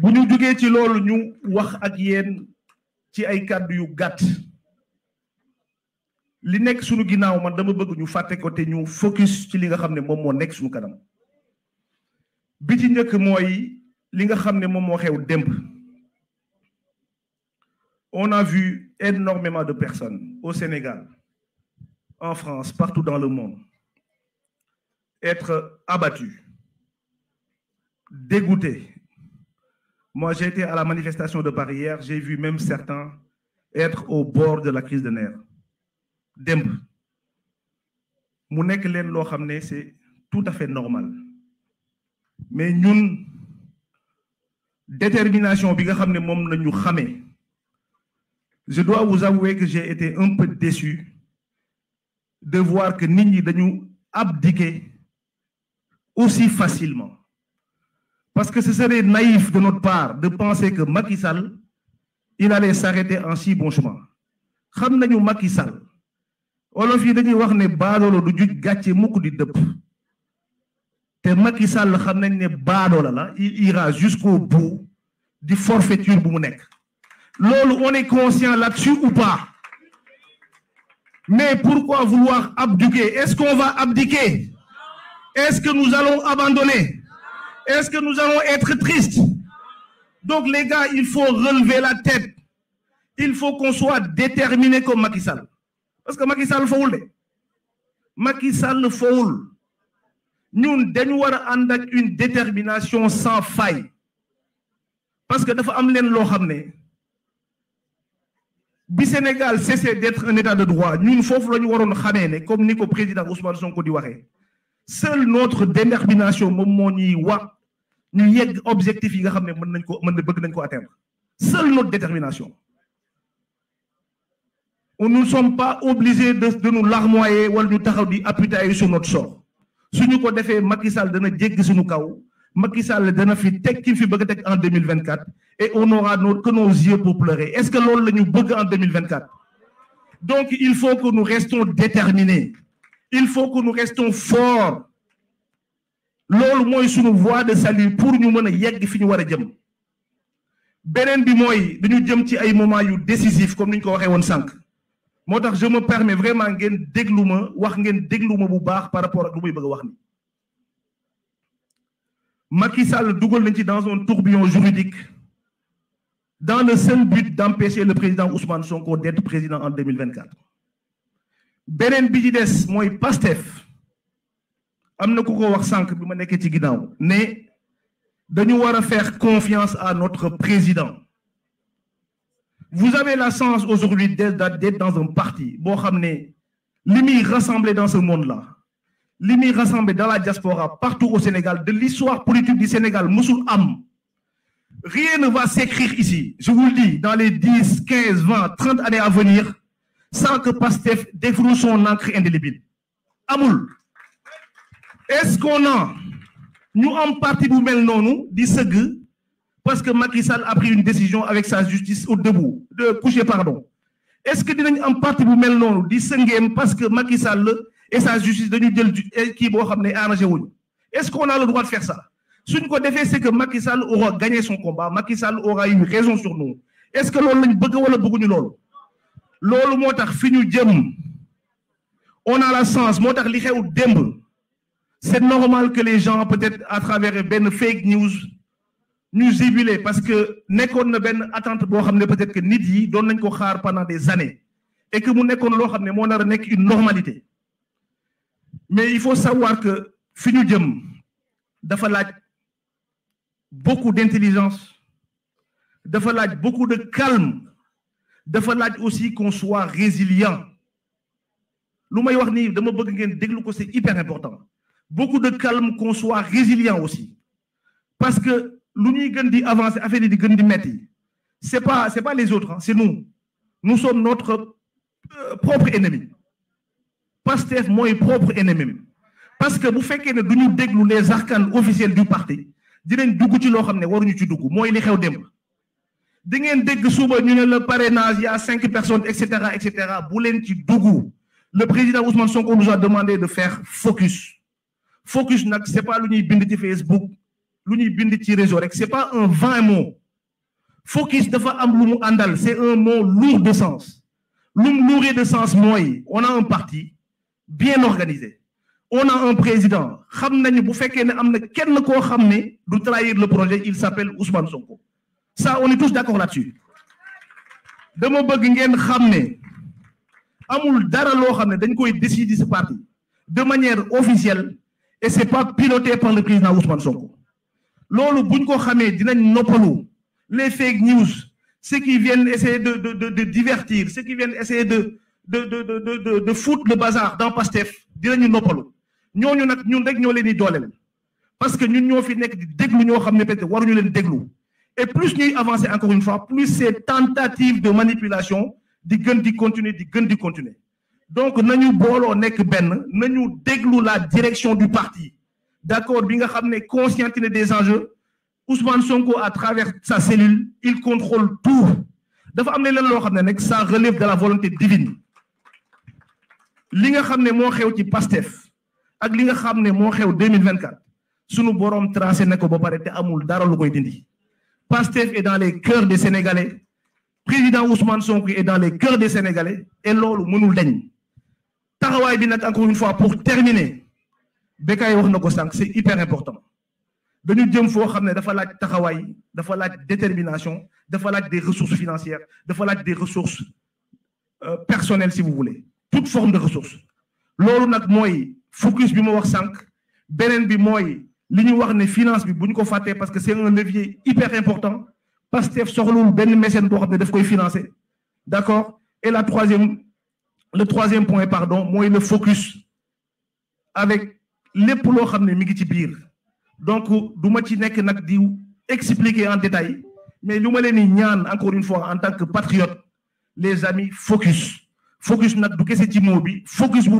bu ñu jógee ci loolu ñu wax ak yéen ci ay kàddu yu gàtt li nekk suñu ginnaaw man dama bëgg ñu fàtte ko te ñu focus ci li nga xam ne moom moo nekk suñu kanam bi ci njëkk mooy li nga xam ne moom moo xew démb on a vu énormément de personnes au Sénégal en France partout dans le monde être abattues dégoûtées moi, j'ai été à la manifestation de Paris hier, j'ai vu même certains être au bord de la crise de nerfs. c'est tout à fait normal mais nous détermination bi nga xamné ne je dois vous avouer que j'ai été un peu déçu de voir que nit ñi dañu abdiquer aussi facilement parce que ce serait naïf de notre part de penser que Macky Sall, il allait s'arrêter en si bon chemin. Macky Sall Macky Sall il ira jusqu'au bout du forfaiture de on est conscient là-dessus ou pas mais pourquoi vouloir abdiquer est-ce qu'on va abdiquer est-ce que nous allons abandonner est-ce que nous allons être tristes Donc les gars, il faut relever la tête. Il faut qu'on soit déterminé comme Macky Sall. Parce que Macky Sall foule. Macky Sall faut Nous devons avoir une détermination sans faille. Parce que nous devons amener le xam Sénégal cesse d'être un état de droit nous devons le faire comme Nico président Ousmane Sonko dit seule notre détermination objectif atteindre seule notre détermination nous ne sommes pas obligés de de nous larmoyer ou de nous appuyer sur notre sort Si nous avons fait Sall nous avons suñu kaw Macky Sall en 2024 et on n'aura que nos yeux pour pleurer est-ce que l'on nous en 2024 donc il faut que nous restons déterminés il faut que nous restions forts est moy suñu voie de salut pour ñu mëna a yegg fi ñu wara jëm Benen bi moy dañu jëm ci ay moment décisif comme niñ ko waxé won sank. je me permets vraiment ngeen dégluma wax par rapport à lu muy bëgg wax ni Macky Sall nañ dans un tourbillon juridique dans le seul but d'empêcher le président Ousmane Sonko d'être président en 2024 beneen bi moi, Pastef am na ko wax ne faire confiance à notre président vous avez la chance aujourd'hui d'être dans un parti boo xam ne rassemblé dans ce monde là li rassemblé dans la diaspora partout au Sénégal de l'histoire politique du Sénégal musul am rien ne va s'écrire ici je vous le dis dans les 10, 15, 20, 30 années à venir sans que Pastef défroule son encre indélébile Amoul, est-ce qu'on a ñu am parti bu mel nom di parce que Macky a pris une décision avec sa justice au debout de coucher pardon est-ce que nous am parti bu mel nom di parce que Macky Sall et sa justice de jël qui eh, boo à ne est-ce qu'on a le droit de faire ça Ce qu'on a fait, c'est que Macky Sall aura gagné son combat Macky Sall aura eu raison sur nous est-ce que avons lañ bëgg wala le faire? loolu motax fiñu jëm on a la sens. motax li xew demb c'est normal que les gens peut-être à travers une fake news nous jubiler parce que nous na benn attente bo xamné peut-être que nit yi doon nañ ko xaar pendant des années et que mu nekkoon lo xamné ne moo une normalité mais il faut savoir que fiñu jëm dafa laaj beaucoup d'intelligence dafa laaj beaucoup de calme il faut aussi qu'on soit résilient Le may wax veux c'est hyper important beaucoup de calme qu'on soit résilient aussi parce que ce n'est avancer c'est pas c'est pas les autres hein, c'est nous nous sommes notre euh, propre ennemi moi, moins propre ennemi parce que vous faites que les arcanes officiels du parti dingen ngeen souba ñu ne le parrainage y a cinq personnes etc., etc. bu len ci dugg le président Ousmane Sonko nous a demandé de faire focus focus nak c'est pas lu ñuy bind ci Facebook lu ñuy bind ci réseau rek c'est pas un vain mot focus dafa am lu mu andal c'est un mot lourd de sens lu mu de sens moy on a un parti bien organisé on a un président xam nañu bu fekkee ne am na kenn ko xamné du trahir le projet il s'appelle Ousmane Sonko. Ça, on est tous d'accord là-dessus. De mon ngeen xam ne amul dara lo xamné dañ koy décider ce parti de manière officielle et c'est pas piloté par le président Ousmane Sonko Lolu buñ ko xamé dinañ noppalu les fake news ceux qui viennent essayer de de de de divertir ceux qui viennent essayer de de de de de de foutre le bazar dans Pastef dinañ noppalu Ñoñu nak ñun rek ñoo leen di dooleel parce que ñun ñoo fi nekk di déglu ñoo xamné peut-être waruñu leen déglu. Et plus nous avançons encore une fois, plus ces tentatives de manipulation, di gën di continuer di gën di continuer donc nous booloo nekk benn nañu déglu la direction du parti d'accord bi nga conscientiser des enjeux Ousmane Sonko à travers sa cellule il contrôle tout dafa am ne leen loo relève de la volonté divine li nga xam ne xew ci Pastef ak li nga 2024 nous avons tracé ne ko ba amul dara koy dindi Pastef est dans les cœurs des Sénégalais président Ousmane Sonko est dans les cœurs des Sénégalais et l'eau, mënul dañ taxawaay bi encore une fois pour terminer c'est hyper important Deuxième fois, il xam ne dafa laaj taxawaay dafa détermination dafa des ressources financières dafa laaj des ressources euh, personnelles si vous voulez toute forme de ressources Lolo nous mooy focus bi ma wax sànq beneen L'Union finance parce que c'est un levier hyper important Parce que d'accord et la troisième le troisième point pardon il le focus avec les loo donc je expliquer en détail mais je encore une fois en tant que patriote les amis focus focus du focus